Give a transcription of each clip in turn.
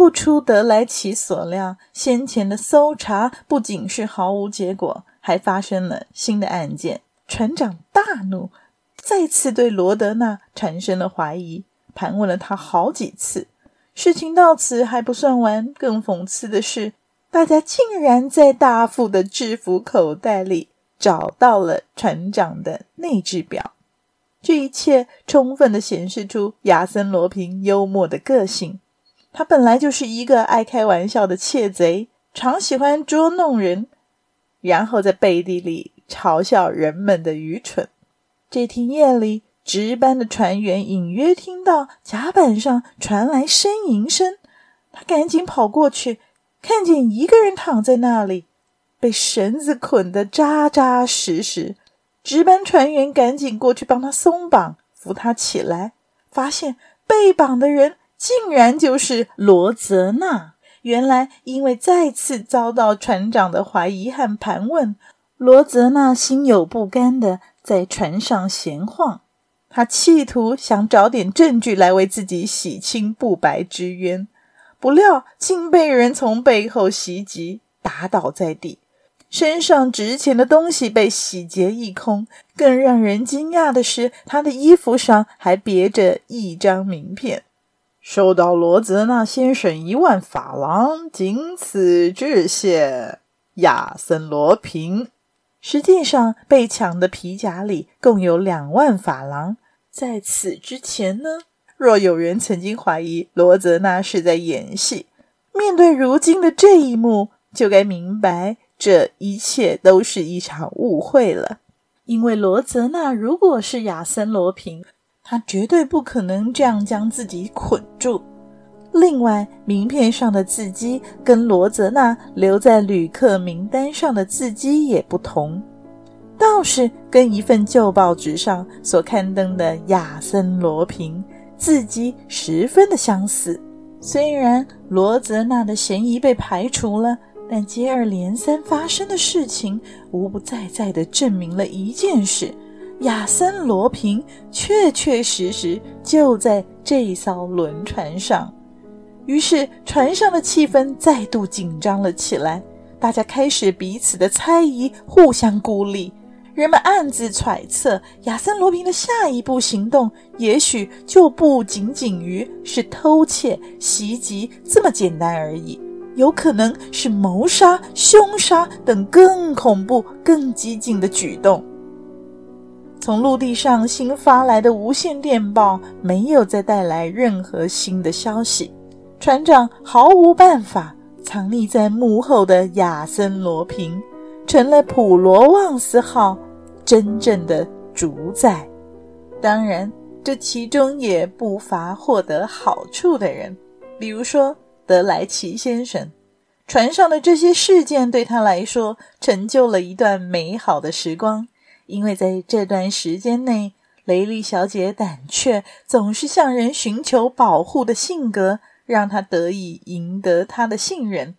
不出德萊奇所料，先前的搜查不僅是毫無結果，還發生了新的案件。船長大怒，再次對羅德納產生了懷疑，盤問了他好幾次。事情到此還不算完，更諷刺的是，大家竟然在大副的制服口袋裡找到了船長的內置表。這一切充分的顯示出亞森·羅蘋幽默的個性。他本來就是一個愛開玩笑的竊賊，常喜歡捉弄人，然後在背地裡嘲笑人們的愚蠢。這天夜裡，值班的船員隱約聽到甲板上傳來呻吟聲，他趕緊跑過去，看見一個人躺在那裡，被繩子捆得紮紮實實。值班船員趕緊過去幫他鬆綁，扶他起來，發現被綁的人，竟然就是羅澤娜，原來，因為再次遭到船長的懷疑和盤問，羅澤娜心有不甘的在船上閒晃。他企圖想找點證據來為自己洗清不白之冤，不料竟被人從背後襲擊，打倒在地，身上值錢的東西被洗劫一空。更讓人驚訝的是，他的衣服上還別着一張名片。收到羅澤納先生一萬法郎，僅此致謝。亞森羅平，實際上被搶的皮夾裡共有兩萬法郎。在此之前呢，若有人曾經懷疑羅澤納是在演戲，面對如今的這一幕，就該明白這一切都是一場誤會了。因為羅澤納如果是亞森羅平，他絕對不可能這樣將自己捆住。另外，名片上的字跡跟羅澤納留在旅客名單上的字跡也不同，倒是跟一份舊報紙上所刊登的亞森·羅蘋字跡十分的相似。雖然羅澤納的嫌疑被排除了，但接二連三發生的事情無不在在的證明了一件事。亞森·羅蘋確確實實就在這艘輪船上，於是船上的氣氛再度緊張了起來。大家開始彼此的猜疑，互相孤立。人們暗自揣測，亞森·羅蘋的下一步行動也許就不僅僅於是偷竊、襲擊這麼簡單而已，有可能是謀殺、兇殺等更恐怖、更激進的舉動。從陸地上新發來的無線電報沒有再帶來任何新的消息。船長毫無辦法，藏匿在幕後的亞森·羅平成了普羅旺斯號真正的主宰。當然，這其中也不乏獲得好處的人，比如說德萊奇先生。船上的這些事件對他來說，成就了一段美好的時光。因為在這段時間內，雷莉小姐膽怯、總是向人尋求保護的性格，讓她得以贏得他的信任。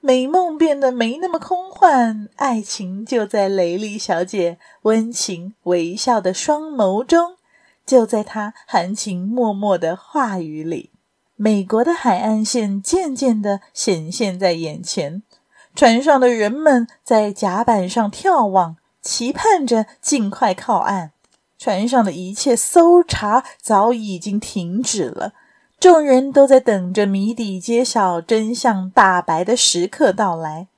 美夢變得沒那麼空幻，愛情就在雷莉小姐溫情微笑的雙眸中，就在她含情脈脈的話語裡。美國的海岸線漸漸地顯現在眼前，船上的人們在甲板上眺望。期盼着儘快靠岸，船上的一切搜查早已已經停止了，眾人都在等着謎底揭曉、真相大白的時刻到來。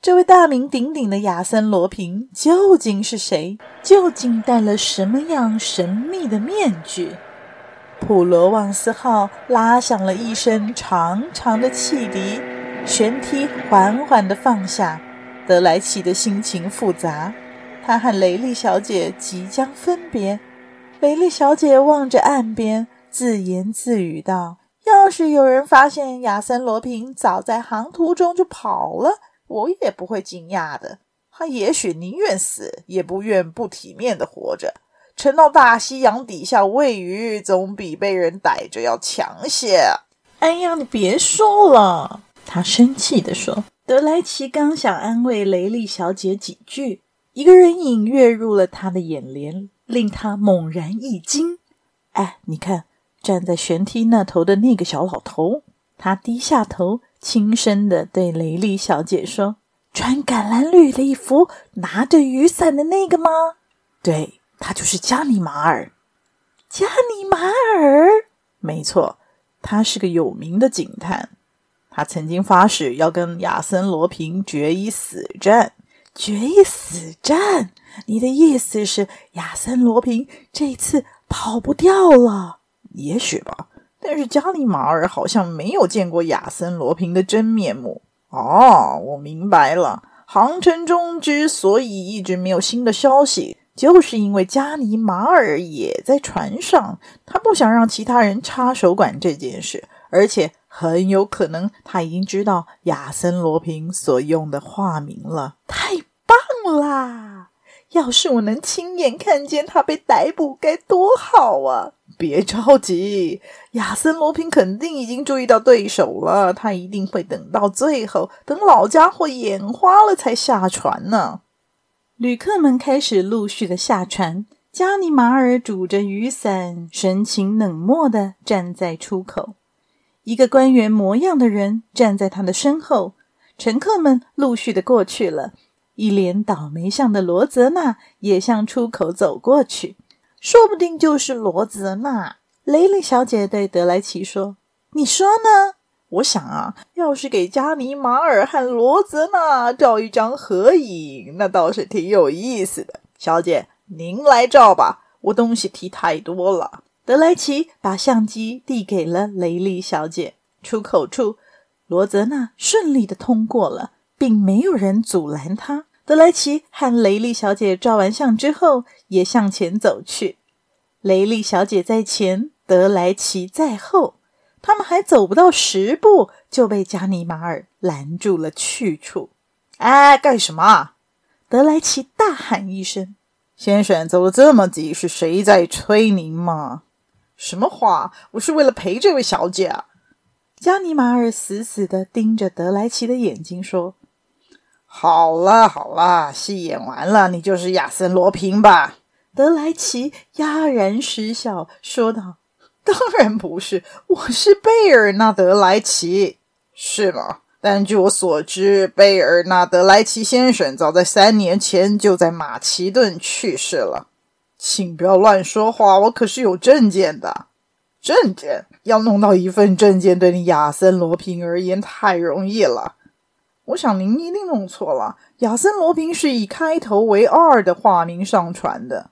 這位大名鼎鼎的亞森·羅平究竟是誰？究竟戴了什麼樣神秘的面具？普羅旺斯號拉響了一聲長長的汽笛，舷梯緩緩地放下，德萊奇的心情複雜。他和雷利小姐即將分別。雷利小姐望着岸邊，自言自語道：“要是有人發現亞森·羅蘋早在航途中就跑了，我也不會驚訝的。他也許寧願死，也不願不體面地活着。沉到大西洋底下餵魚，總比被人逮着要強些。”“哎呀，你別說了！”他生氣地說。德萊奇剛想安慰雷利小姐幾句。一個人影躍入了他的眼簾，令他猛然一驚。哎，你看，站在旋梯那頭的那個小老頭，他低下頭，輕聲地對雷利小姐說：“穿橄欖綠的衣服、拿着雨傘的那個嗎？對，他就是加尼瑪爾。加尼瑪爾，沒錯，他是個有名的警探。他曾經發誓要跟亞森·羅平決一死戰。”決一死戰！你的意思是，亞森羅平這次跑不掉了？也許吧。但是加里馬爾好像沒有見過亞森羅平的真面目。哦，我明白了。航程中之所以一直沒有新的消息，就是因為加里馬爾也在船上，他不想讓其他人插手管這件事，而且。很有可能他已經知道亞森·羅蘋所用的化名了。太棒啦！要是我能親眼看見他被逮捕，該多好啊！別着急，亞森·羅蘋肯定已經注意到對手了。他一定會等到最後，等老家伙眼花了才下船呢，啊。旅客們開始陸續的下船。加尼馬爾拄着雨傘，神情冷漠地站在出口。一個官員模樣的人站在他的身後，乘客們陸續的過去了。一臉倒霉相的羅澤娜也向出口走過去。說不定就是羅澤娜。雷雷小姐對德萊奇說：“你說呢？我想啊，要是給加尼馬爾和羅澤娜照一張合影，那倒是挺有意思的。小姐，您來照吧，我東西提太多了。”德萊奇把相機遞給了雷利小姐。出口處，羅澤娜順利地通過了，並沒有人阻攔她。德萊奇和雷利小姐照完相之後，也向前走去。雷利小姐在前，德萊奇在後。他們還走不到十步，就被加尼瑪爾攔住了去處。“哎，幹什麼？”德萊奇大喊一聲，“先生，走得這麼急，是誰在催您嗎？”什麼話？我是為了陪這位小姐啊。加尼瑪爾死死地盯着德萊奇的眼睛說：“好了好了，戲演完了，你就是亞森羅蘋吧？”德萊奇啞然失笑，說道：“當然不是，我是貝爾納德萊奇，是嗎？但據我所知，貝爾納德萊奇先生早在三年前就在馬其頓去世了。”請不要亂說話，我可是有證件的。證件？要弄到一份證件，對你亞森羅平而言太容易了。我想您一定弄錯了，亞森羅平是以開頭為二的化名上船的。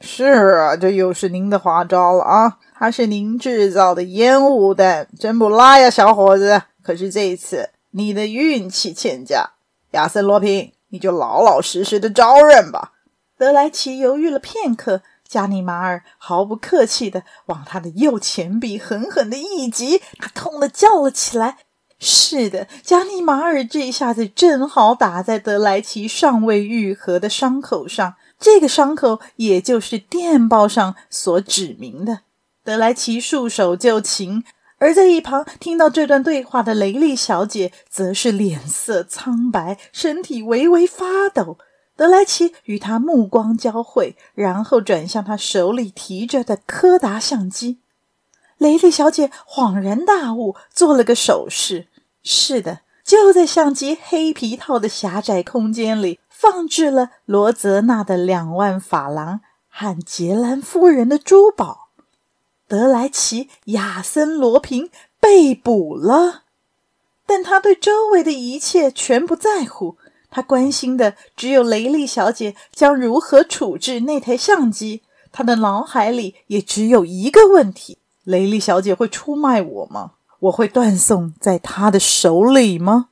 是啊，這又是您的花招了啊！還是您制造的煙霧彈，真不賴呀，小伙子。可是這一次你的運氣欠佳，亞森羅平，你就老老實實的招認吧。德萊奇猶豫了片刻，加尼馬爾毫不客氣地往他的右前臂狠狠地一擊，他、啊、痛得叫了起來。是的，加尼馬爾這一下子正好打在德萊奇尚未愈合的傷口上，這個傷口也就是電報上所指明的。德萊奇束手就擒，而在一旁聽到這段對話的雷利小姐，則是臉色蒼白，身體微微發抖。德萊奇與他目光交匯，然後轉向他手裡提着的柯達相機。雷利小姐恍然大悟，做了個手勢：“是的，就在相機黑皮套的狹窄空間裡，放置了羅澤納的兩萬法郎和傑蘭夫人的珠寶。”德萊奇·亞森·羅平被捕了，但他對週圍的一切全不在乎。他關心的只有雷利小姐將如何處置那台相機，他的腦海裡也只有一個問題：雷利小姐會出賣我嗎？我會斷送在她的手裡嗎？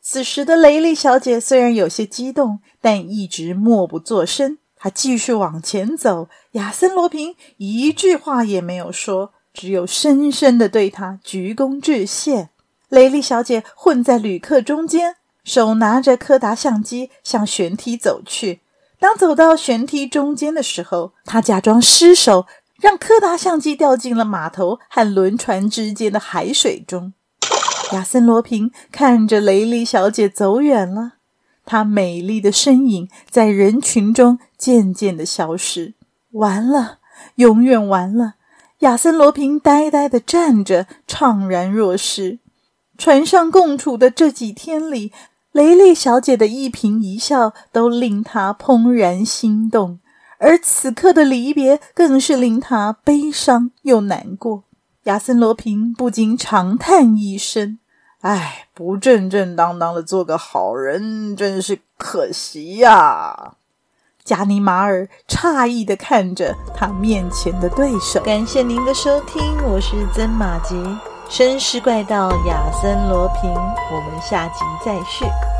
此時的雷利小姐雖然有些激動，但一直默不作聲。她繼續往前走，亞森·羅蘋一句話也沒有說，只有深深地對她鞠躬致謝。雷利小姐混在旅客中間。手拿着柯達相機向舷梯走去。當走到舷梯中間的時候，他假裝失手，讓柯達相機掉進了碼頭和輪船之間的海水中。亞森羅平看着雷利小姐走遠了，她美麗的身影在人群中漸漸地消失。完了，永遠完了！亞森羅平呆呆地站着，悵然若失。船上共處的這幾天裡，雷利小姐的一顰一笑都令他怦然心動，而此刻的離別更是令他悲傷又難過。亞森羅平不禁長歎一聲：“唉，不正正當當的做個好人，真是可惜呀、啊。”加尼馬爾詫異地看着他面前的對手。感謝您的收聽，我是曾馬吉。紳士怪盜亞森羅平，我們下集再續。